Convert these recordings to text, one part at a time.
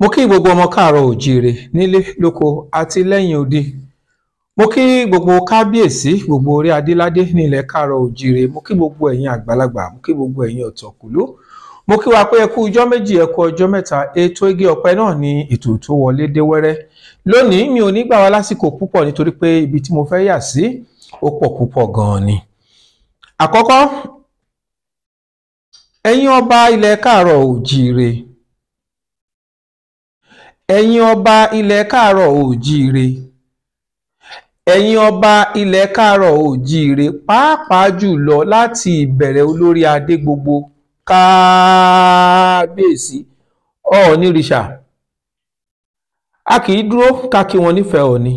mo kí gbogbo ọmọ káàárọ̀ òjíire nílé lóko àti lẹ́yìn odi mo kí gbogbo kábíyèsí gbogbo orí adéládé nílẹ̀ káàárọ̀ òjíire mo kí gbogbo ẹ̀yin àgbàlagbà mo kí gbogbo ẹ̀yin ọ̀tọ̀kùlú mo kí wa pé ẹ kú ọjọ́ méjì ẹ kú ọjọ́ mẹ́ta ètò igi ọ̀pẹ náà ni ètò tó wọlé dé wẹ́rẹ́ lónìí mi ò ní gbà wá lásìkò púpọ̀ nítorí pé ibi tí mo fẹ́ yà sí ó pọ̀ púpọ̀ gan ni àkọ́kọ́ ẹ̀yin ọba ilẹ̀ káàárọ̀ òjíire ẹ̀yin ọba ilẹ̀ káàárọ̀ oòjíire ẹ̀yin ọba ilẹ̀ káàárọ̀ oòjíire pàápàá jùlọ láti ìbẹ̀rẹ̀ olórí adé gbogbo káábíyèsí ọ̀ọ́ni rìṣà a kì í dúró ká kí wọn nífẹ̀ẹ́ òní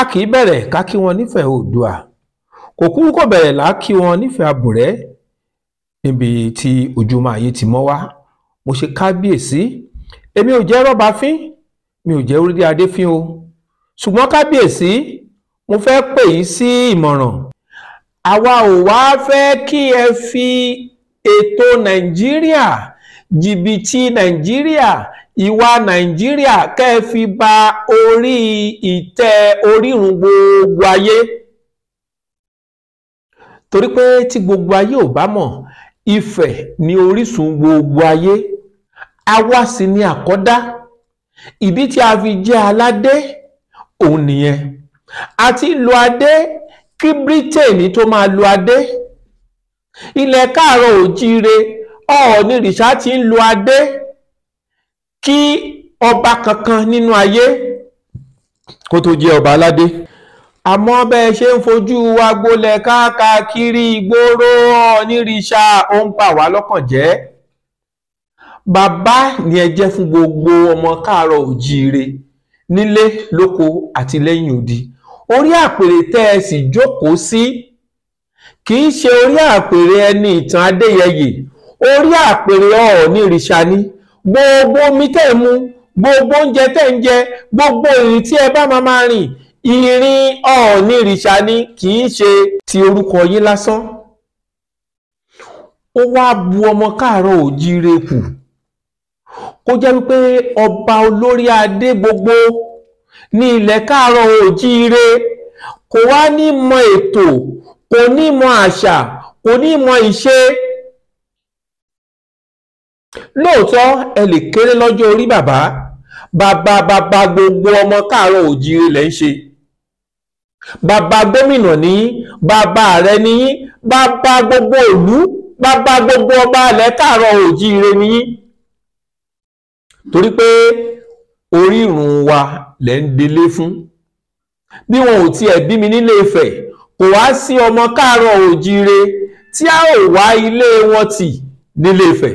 a kì í bẹ̀rẹ̀ ká kí wọn nífẹ̀ẹ́ oòdùà kò kúrú kò bẹ̀rẹ̀ là kí wọn nífẹ̀ẹ́ àbùrẹ́ níbi tí ojúmọ́ ayé ti mọ́ wá mo ṣe kábíyèsí èmi ò jẹ́ rọ́bà fín mi ò jẹ́ orí adé fín o ṣùgbọ́n kábíyèsí mo fẹ́ pè yín sí ìmọ̀ràn àwa ò wá fẹ́ kí ẹ fi ètò nàìjíríà jìbìtì nàìjíríà ìwà nàìjíríà kẹ́ ẹ fi ba orí ìtẹ́ orírun gbogbo ayé torí pé tí gbogbo ayé ò bá mọ̀ Ifẹ̀ ni orísun gbogbo ayé àwa sì ni àkọ́dá ìdí tí a fi jẹ́ aládé òun nìyẹn àti lo adé kí Britain tó máa lo adé ilẹ̀ káàárọ̀ òjíire ọ̀ọ́ni rìṣà ti ń lo adé kí ọba kankan nínú ayé kó tó jẹ́ ọba aládé àmọ́ bẹ́ ṣe ń fojú wa gbolẹ̀ káàkiri ìgboro ọ̀ọ́ni rìṣà ó ń pa wá lọ́kàn jẹ́ bàbá ni ẹ jẹ́ fún gbogbo ọmọ káàárọ̀ òjíire nílé lóko àti lẹ́yìn odi orí àpèrè tẹ́ ẹ sì jókòó sí kì í ṣe orí àpèrè ẹni ìtàn adéyẹyè orí àpèrè ọ̀ọ́nì ìrìṣàní gbogbo omi tẹ́ ẹ mu gbogbo oúnjẹ tẹ́ ń jẹ gbogbo ìrìn tí ẹ bá máa máa rìn ìrìn ọ̀ọ́nì ìrìṣàní kì í ṣe ti orúkọ yín lásán ó wá bu ọmọ káàárọ̀ òjíire kù kó jẹ́ wípé ọba olórí adé gbogbo ní ilẹ̀ káàárọ̀ oòjíire kò wá ní mọ ètò kò ní mọ àṣà kò ní mọ ìṣe lóòótọ́ ẹ lè kéré lọ́jọ́ orí bàbá bàbá bàbá gbogbo ọmọ káàárọ̀ oòjíire lẹ́ ń ṣe bàbá gómìnà ní bàbá ààrẹ ní bàbá gbogbo ìlú bàbá gbogbo ọba ilẹ̀ káàárọ̀ oòjíire ní torí pé orírun wa lẹ́ ń delé fún bí wọn ò tiẹ̀ bí mi nílé Ifẹ̀ kò wá sí ọmọ káàárọ̀ òjíire tí a ò wá ilé wọn tì nílé Ifẹ̀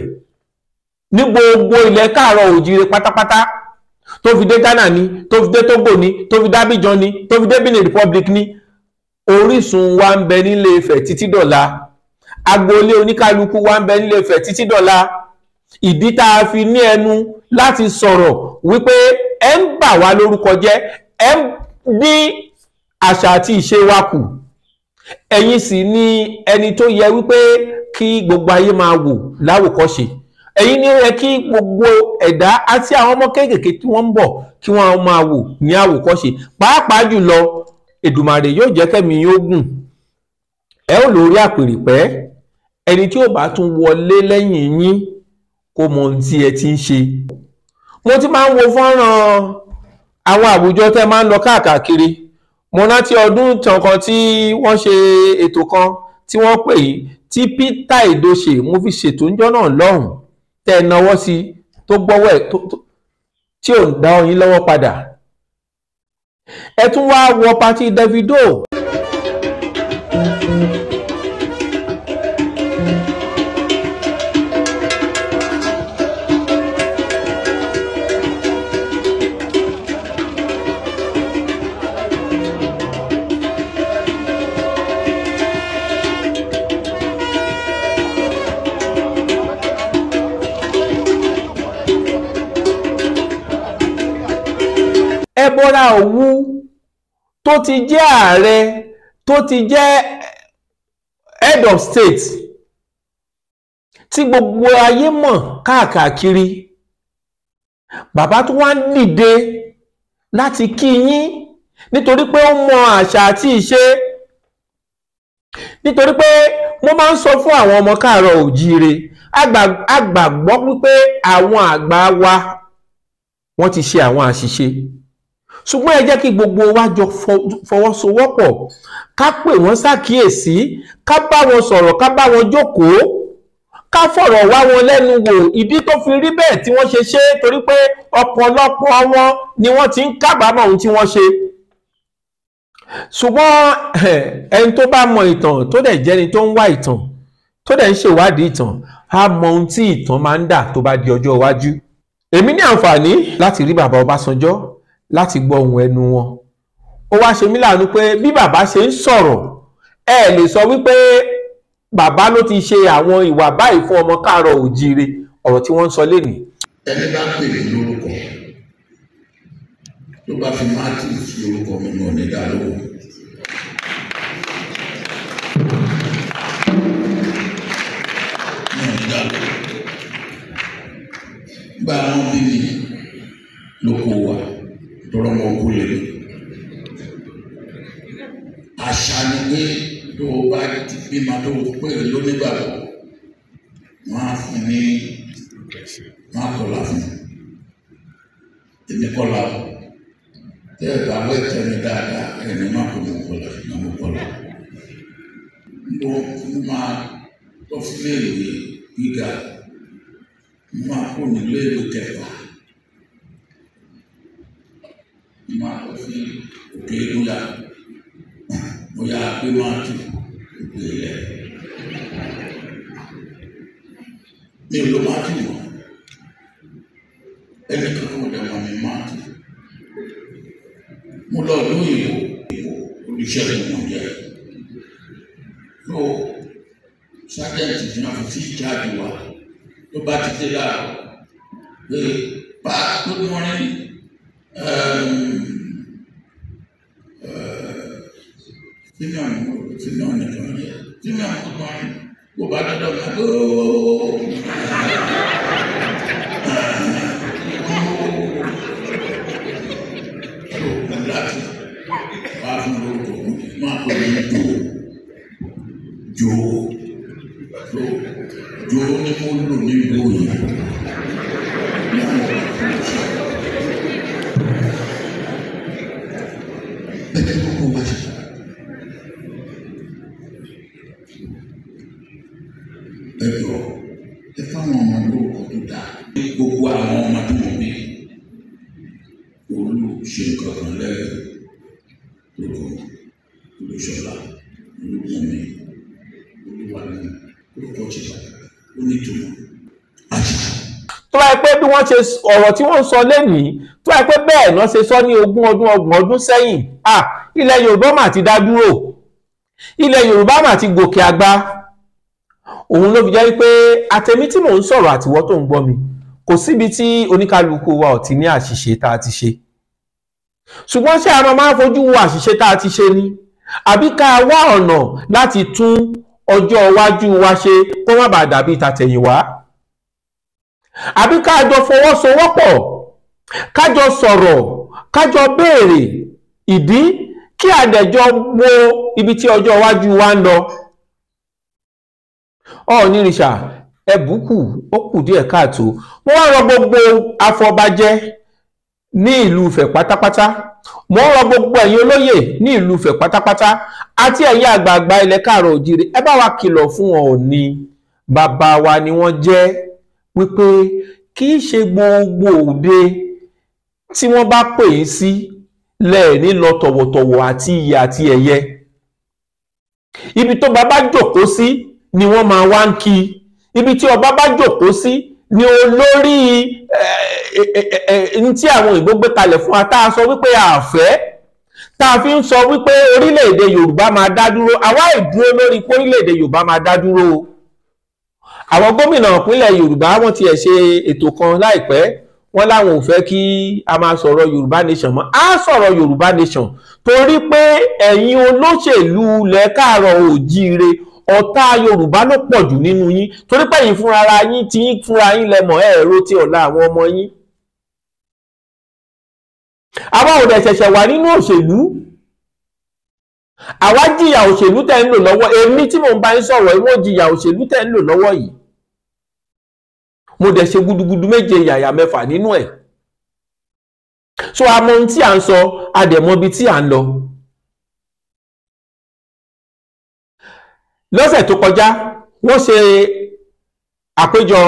ní gbogbo ilẹ̀ káàárọ̀ òjíire pátápátá tó fi dé Ghana ni tó fi dé Togo ni tó fi dé Abidjan ni tó fi dé Benin Republic ni orísun wa ń bẹ nílé Ifẹ̀ títí dọ̀la agboolé oníkálukú wa ń bẹ nílé Ifẹ̀ títí dọ̀la ìdí tá a fi ní ẹnu láti sọ̀rọ̀ wípé ẹ ń bà wá lórúkọ jẹ́ ẹ ń dín àṣà àti ìṣe wa kù ẹ̀yin sì ni ẹni tó yẹ wípé kí gbogbo ayé máa wò láwòkọ́ṣe ẹ̀yin ni ó yẹ kí gbogbo ẹ̀dá àti àwọn ọmọ kéékèèké tí wọ́n ń bọ̀ kí wọ́n máa wò ní àwòkọ́ṣe pàápàá jùlọ Èdùmàrè yóò jẹ́ kẹ́mi yóò gùn ẹ ó lórí àpèrè pẹ́ ẹni tí ó bá tún wọlé lẹ́yìn yín ó mọ ohun tí ẹ ti ń ṣe mo ti máa ń wo fọ́nrán àwọn àwùjọ tẹ́ máa ń lọ káàkiri mo rántí ọdún kankan tí wọ́n ṣe ètò kan tí wọ́n pè yí tí Peter Edoche mo fi ṣètò ńjọ́ náà lọ́hùn tẹ́ náwó sí tó gbọ́wọ́ ẹ̀ tí ò ń dá ọyìn lọ́wọ́ padà ẹ tún wá wọ pátì Davido. thank you Dókítà Òwú tó ti jẹ́ ààrẹ tó ti jẹ́ head of state tí gbogbo ayé mọ̀ káàkiri bàbá tó wá ń dìde láti kí yín nítorí pé ó mọ àṣà àti ìṣe nítorí pé mo máa ń sọ fún àwọn ọmọ káàárọ̀ òjíire a gbàgbọ́ wípé àwọn àgbà wa wọ́n ti ṣe àwọn àṣìṣe ṣùgbọ́n ẹ jẹ́ kí gbogbo wa jọ fọwọ́sowọ́pọ̀ ká pè wọ́n ṣàkíyèsí ká bá wọn sọ̀rọ̀ ká bá wọn jókòó ká fọ̀rọ̀ wá wọn lẹ́nu wò ìdí tó fi rí bẹ́ẹ̀ tí wọ́n ṣe ṣe torí pé ọ̀pọ̀lọpọ̀ wọn ni wọ́n ti ń kábàámọ̀ ohun tí wọ́n ṣe ṣùgbọ́n ẹni tó bá mọ ìtàn tó dẹ̀ jẹ́ni tó ń wá ìtàn tó dẹ̀ ń ṣèwádìí ìtàn á mọ ohun tí ìtàn máa ń dà tó bá di ọjọ́ iwájú èmi ní àǹfààní láti rí bàbá Ọbásanjọ́ láti gbọ́ ohun ẹnu wọn ó wá ṣe mí láàánú pé bí bàbá ṣe ń sọ̀rọ̀ ẹ lè sọ wípé bàbá ló ti ṣe àwọn ìwà báyìí fún ọmọ káàárọ̀ òjíire ọ̀rọ̀ tí wọ́n ń sọ lénìí. ẹni bá pè mí lórúkọ ló bá fi máàkì lórúkọ mi ní ọ̀nẹ́dá lówó. bíbí ló kó wa tọrọ mọ kú lè àṣà ni pé tó o bá ti bímọ tó o pè é lónígbàgbọ́ wọn á fún ní wọn á kọlà fún èmi kọlà tẹ ẹ bá wẹ tẹmí dáadáa ẹni má kọ mọ kọlà fún mi kọlà mo máa tọ́ fún ilé ìwé gíga máa kó nílé ìwé kẹfà. kéékù la mo yà pé wọn àti ìpè lẹ mi ò lọ máa tì wọn ẹni kankan ọdẹ wọn mi máa tì mo lọ lóyìnbó olùṣèlú wọn jẹ lọ sájẹǹtì tí wọn fi jáde wá ló bá ti dé láàrọ̀ pé pa tó ní wọn ní. sínú àyìnbó sínú àyìnbó sínú àyìnbó kò bá dọ́dọ̀ ká tó. láti wá fún lórúkọ máa kọ ní jò jò jò jò ní mo lò ní ìlú yìí. lórúkọ jésù ó ní ìtumọ̀ àṣìṣe. tó bá yẹ pé bí wọ́n ṣe ọ̀rọ̀ tí wọ́n ń sọ lẹ́nìí tó bá yẹ pé bẹ́ẹ̀ náà ṣe sọ ní ogún ọdún ọgbọ̀n ọdún sẹ́yìn ilẹ̀ yorùbá mà ti dá dúró ilẹ̀ yorùbá mà ti gòkè àgbà òun ló fi jẹ́ pé àtẹ̀mí tí mò ń sọ̀rọ̀ àtiwọ́ tó ń gbọ́ mi kò síbi tí oníkálukú wa ò ní àṣìṣe tá a ti ṣe ṣùgbọ́n ṣé a máa máa fojú wo àṣìṣe tá a ti ṣe ni àbí ká wá ọ̀nà láti tún ọjọ́ iwájú wa ṣe kó má bàa dàbí tàtẹ̀yìnwá àbí kájọ fọwọ́sowọ́pọ̀ kájọ sọ̀rọ̀ kájọ béèrè ìdí kí àdẹ̀jọ wo ibi tí ọjọ́ iwájú wa ń lọ ọ̀nìrìṣà ẹ̀bù kù ó kù díẹ̀ káàtó wọ́n wá rọ gbogbo afọbajẹ ní ìlú Ifẹ̀ pátápátá mo ń rọ gbogbo ẹ̀yin olóyè ní ìlú Ifẹ̀ pátápátá àti ẹ̀yin àgbààgbà ilẹ̀ káàrọ̀ òjìrì ẹ bá wa kìlọ̀ fún wọn ò bàbá wa ni wọ́n jẹ́ wípé kì í ṣe gbogbo òde tí wọ́n bá pè é sí lẹ́ẹ̀ni lọ tọ̀wọ̀tọ̀wọ̀ àti iyì àti ẹ̀yẹ ibi tó bàbá jòkó sí ni wọ́n máa wá ń kí ibi tí ọba bá jòkó sí ni olórí ní tí àwọn òyìnbó gbé kalẹ̀ fún wa tá a sọ wípé àfẹ́ tá a fi ń sọ wípé orílẹ̀-èdè Yorùbá máa dá dúró àwa ìdúró lórí pé orílẹ̀-èdè Yorùbá máa dá dúró o àwọn gómìnà ìpínlẹ̀ Yorùbá wọ́n tiẹ̀ ṣe ètò kan láìpẹ́ wọ́n láwọn ò fẹ́ kí a máa sọ̀rọ̀ Yorùbá nation mọ́ á sọ̀rọ̀ Yorùbá nation torí pé ẹ̀yin olóṣèlú lẹ́kàárọ̀ òjíire ọ̀tá yorùbá ló pọ̀ jù nínú yín torí pé yín fúnra ara yín tí yín fúnra yín lẹ́mọ̀ ẹ̀rọ tí ọ̀la àwọn ọmọ yín. àwa ò dẹ̀ ṣẹ̀ṣẹ̀ wà nínú òṣèlú àwa jìyà òṣèlú tẹ̀ ń lò lọ́wọ́ èmi tí mò ń bá yín sọ̀rọ̀ ìwọ jìyà òṣèlú tẹ̀ ń lò lọ́wọ́ yìí mo dẹ̀ ṣe gudugudu méje yàyà mẹ́fà nínú ẹ̀ so a mọ ohun tí à ń sọ a dẹ̀ mọ ibi tí à ń lọ. lọ́sẹ̀ tó kọjá wọ́n ṣe àpéjọ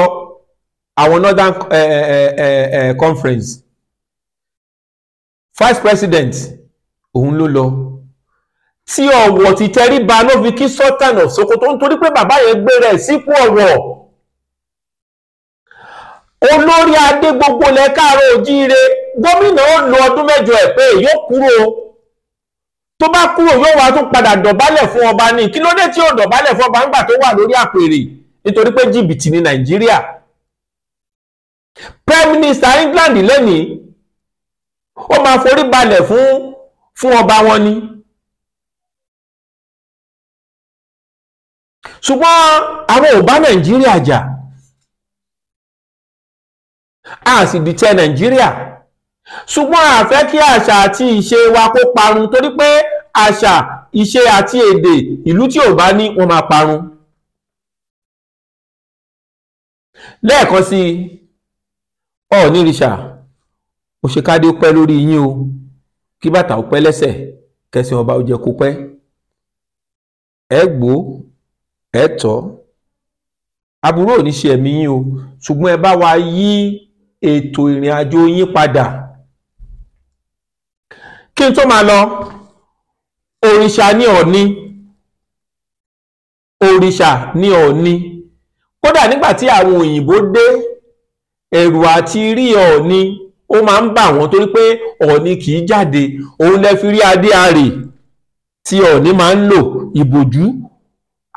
àwọn northern eh eh, eh, eh, eh, conference vice president òun ló lọ tí ọ̀wọ̀ ti tẹríba ló fi kí sultan of Sokoto nítorí pé bàbá yẹn gbé rẹ̀ sípò ọ̀wọ̀ olórí adé gbogbo lẹ káàárọ̀ ojíire gómìnà ó lo ọdún mẹ́jọ ẹ̀ pé yóò kúrò tó bá kúrò yóò wá tún padà dọ̀bálẹ̀ fún ọba ní kí ló dé tí yóò dọ̀bálẹ̀ fún ọba nígbà tó wà lórí àpèrè nítorí pé jìbìtì ní nàìjíríà prime minister england lẹ́nìí ó máa forí balẹ̀ fún fún ọba wọn ni ṣùgbọ́n àwọn ò bá nàìjíríà jà a sì dìtẹ̀ nàìjíríà ṣùgbọ́n a fẹ́ kí àṣà àti ìṣe wa kó parun torí pé àṣà ìṣe àti èdè ìlú tí ò bá ní wọ́n máa parun. lẹ́ẹ̀kan sí i ọ̀ọ́ni rìṣà òṣèkádé ó pẹ́ lórí yín o kí bàtà ó pẹ́ lẹ́sẹ̀ kẹsàn ọba ó jẹ kó pẹ́ ẹ gbó ẹ tọ́ aburú ò ní ṣe ẹ̀mí yín o ṣùgbọ́n ẹ bá wa yí ètò ìrìn àjò yín padà kí n tó máa lọ òrìṣà ní Ọ̀ọ̀ni òrìṣà ní Ọ̀ọ̀ni kódà nígbà tí àwọn òyìnbó dé ẹ̀rù àti rí Ọ̀ọ̀ni ó máa ń bà wọ́n torí pé Ọ̀ọ̀ni kì í jáde òun lẹ fi rí adé arè tí Ọ̀ọ̀ni máa ń lò ìbòjú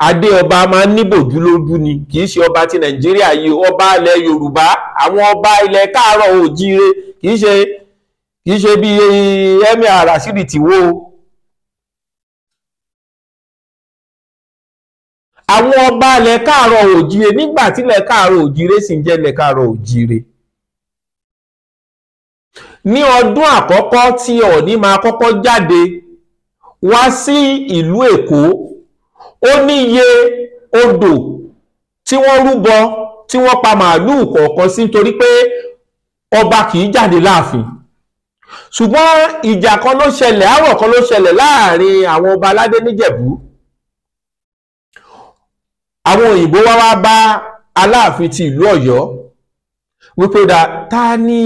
adé ọba máa ń níbòjú lójú ni kì í ṣe ọba ti Nàìjíríà yìí ọba ilẹ̀ Yorùbá àwọn ọba ilẹ̀ káàárọ̀ oòjíire kì í ṣe kì í ṣe bíi Emir Rasidi Tìwó àwọn ọba ilẹ̀ káàrọ̀ òjire nígbà tí ilẹ̀ káàrọ̀ òjire sì ń jẹ́ ilẹ̀ káàrọ̀ òjire. ní ọdún àkọ́kọ́ tí Ọọ̀ni máa kọ́kọ́ jáde wá sí ìlú Èkó ó ní iye odò tí wọ́n rúbọ tí wọ́n pa màálùú kọ̀ọ̀kan sí nítorí pé ọba kì í jáde láàfin ṣùgbọ́n ìjà kan ló ṣẹlẹ̀ áwọ̀ kan ló ṣẹlẹ̀ láàrin àwọn ọba aládé níjẹ̀bú àwọn òyìnbó wá wá bá aláàfin ti ìlú Ọ̀yọ́ wípé ó dáa ta ni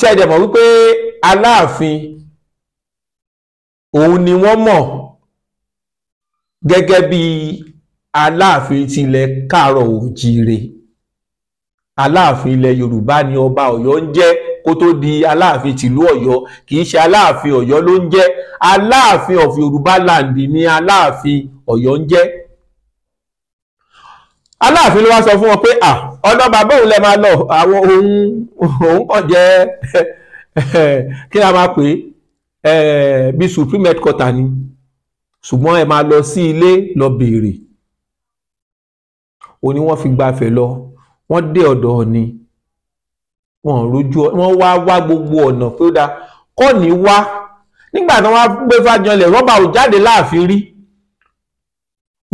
ṣe é dẹ̀mọ̀ wípé aláàfin òun ni wọ́n mọ̀ gẹ́gẹ́ bí aláàfin tilẹ̀ káàárọ̀ òjíire aláàfin ilẹ̀ Yorùbá ni ọba Ọ̀yọ́ ń jẹ́ kó tó di aláàfin tìlú Ọ̀yọ́ kì í ṣe aláàfin Ọ̀yọ́ ló ń jẹ́ aláàfin of Yorùbá land ni aláàfin ọ̀yọ́ ń jẹ́ aláàfin ló wá sọ fún wọn pé à ọ̀dọ̀ bàbá òun lẹ máa lọ àwọn òun òun kàn jẹ́ kí ni a máa pè é bí supreme headquarter ni ṣùgbọ́n ẹ máa lọ sí ilé lọ béèrè o ní wọ́n fi gbafẹ̀ lọ wọ́n dé ọ̀dọ̀ Ọọ̀ni wọ́n rojú wọ́n wá wá gbogbo ọ̀nà pé ó dáa kọ́ọ̀nì wá nígbà tí wọ́n gbé fájọlẹ̀ rọ́bà ò jáde láàfin rí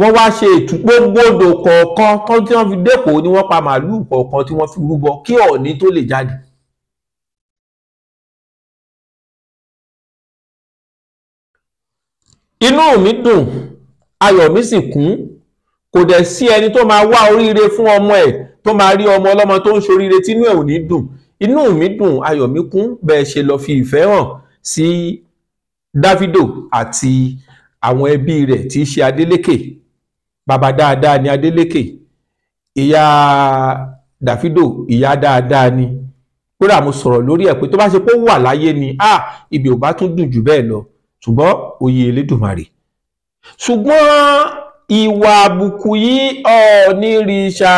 wọ́n wá ṣe ìtúpógbòdò kọ̀ọ̀kan tán tí wọ́n fi dépò ni wọ́n pa màálùú kọ̀ọ̀kan tí wọ́n fi rúbọ kí Ọọ̀ni tó lè jáde. inú mi dùn ayọ̀ mi sì kún kò dẹ̀ sí ẹni tó máa wá oríire fún ọmọ ẹ̀ tó máa rí ọmọ ọlọ́mọ tó ń ṣoríire tínú ẹ̀ ò ní dùn inú mi dùn ayọ̀ mi kún bẹ́ẹ̀ ṣe lọ fi ìfẹ́ hàn sí Dávido àti àwọn ẹbí rẹ̀ tí í ṣe Adeleke bàbá dáadáa ni Adeleke ìyá Davido ìyá dáadáa ni kódà mo sọ̀rọ̀ lórí ẹ̀ pé tó bá ṣe pé ó wà láyé ni ah ibi ò bá tún dùn jù bẹ́ẹ̀ lọ ṣùgbọ́n oyè Elédùmarè ṣùgbọ́n ìwà àbùkù yìí ọ̀ọ́nì rìṣà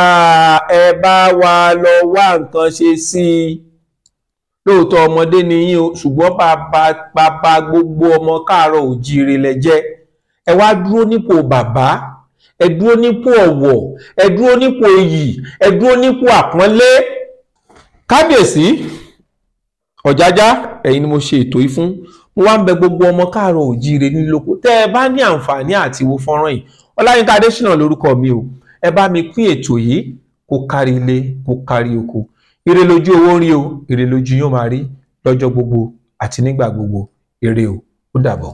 ẹ bá wa lọ wá nǹkan ṣe sí i lóòótọ́ ọmọdé ni yín o ṣùgbọ́n bàbá gbogbo ọmọ káàárọ̀ oòjíire lẹ jẹ́ ẹ wá dúró nípò bàbá ẹ dúró nípò ọ̀wọ̀ ẹ dúró nípò iyì ẹ dúró nípò àpọ́nlé kábíyèsí ọ̀jájá ẹ̀yin ni mo ṣe ètò yìí fún mo wá ń bẹ gbogbo ọmọ káàárọ̀ òjíire nílòkó tẹ́ ẹ bá ní àǹfààní àti wo fọ́nrán yìí ọláyínká adésínà lórúkọ mi o ẹ bá mi pín ètò yìí kó kárí ilé kó kárí oko ire lójú owó rí o ire lójú yóò máa rí lọ́jọ́ gbogbo àti nígbà gbogbo ire o ó dàbọ̀.